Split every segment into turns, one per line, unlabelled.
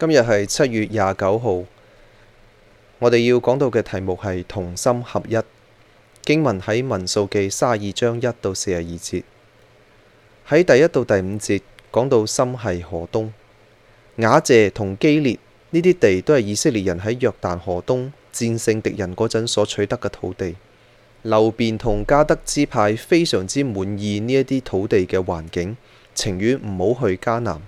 今日係七月廿九號，我哋要講到嘅題目係同心合一。經文喺民數記三二章一到四十二節，喺第一到第五節講到心係河東，雅謝同基列呢啲地都係以色列人喺約旦河東戰勝敵人嗰陣所取得嘅土地。流便同迦得支派非常之滿意呢一啲土地嘅環境，情願唔好去迦南。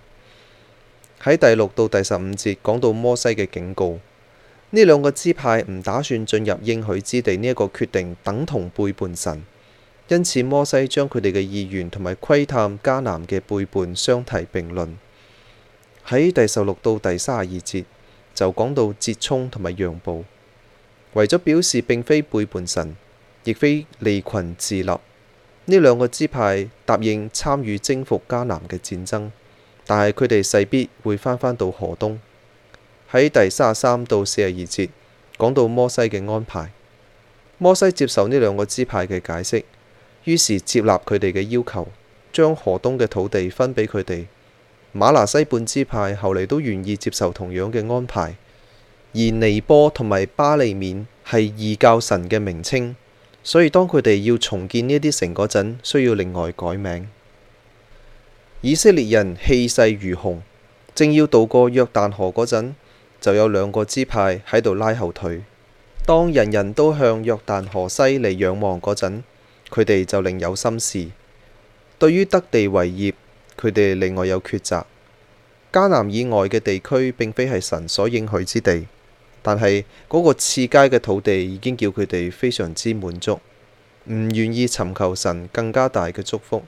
喺第六到第十五節講到摩西嘅警告，呢兩個支派唔打算進入應許之地呢一個決定，等同背叛神，因此摩西將佢哋嘅意願同埋窺探迦南嘅背叛相提並論。喺第十六到第三十二節就講到折衷同埋讓步，為咗表示並非背叛神，亦非利群自立，呢兩個支派答應參與征服迦南嘅戰爭。但係佢哋勢必會返返到河東。喺第三十三到四十二節講到摩西嘅安排，摩西接受呢兩個支派嘅解釋，於是接納佢哋嘅要求，將河東嘅土地分俾佢哋。馬拿西半支派後嚟都願意接受同樣嘅安排，而尼波同埋巴利免係異教神嘅名稱，所以當佢哋要重建呢啲城嗰陣，需要另外改名。以色列人氣勢如虹，正要渡過約旦河嗰陣，就有兩個支派喺度拉後腿。當人人都向約旦河西嚟仰望嗰陣，佢哋就另有心事。對於得地為業，佢哋另外有抉擇。迦南以外嘅地區並非係神所應許之地，但係嗰個次佳嘅土地已經叫佢哋非常之滿足，唔願意尋求神更加大嘅祝福。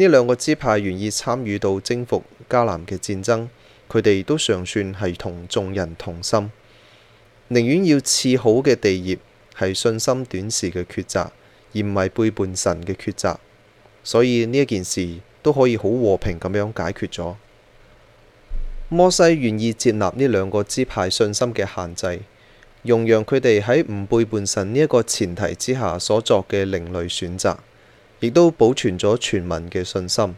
呢兩個支派願意參與到征服迦南嘅戰爭，佢哋都尚算係同眾人同心，寧願要次好嘅地業，係信心短時嘅抉擇，而唔係背叛神嘅抉擇，所以呢一件事都可以好和平咁樣解決咗。摩西願意接納呢兩個支派信心嘅限制，容讓佢哋喺唔背叛神呢一個前提之下所作嘅另類選擇。亦都保存咗全民嘅信心。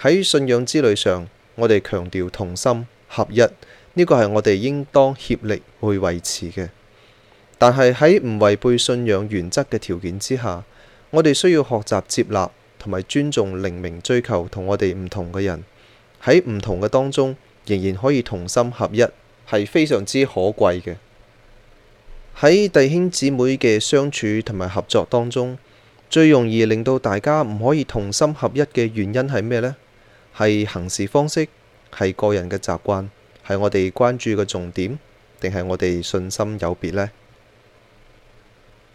喺信仰之旅上，我哋強調同心合一，呢個係我哋應當協力去維持嘅。但係喺唔違背信仰原則嘅條件之下，我哋需要學習接納同埋尊重靈命追求同我哋唔同嘅人，喺唔同嘅當中，仍然可以同心合一，係非常之可貴嘅。喺弟兄姊妹嘅相處同埋合作當中，最容易令到大家唔可以同心合一嘅原因係咩呢？係行事方式，係個人嘅習慣，係我哋關注嘅重點，定係我哋信心有別呢？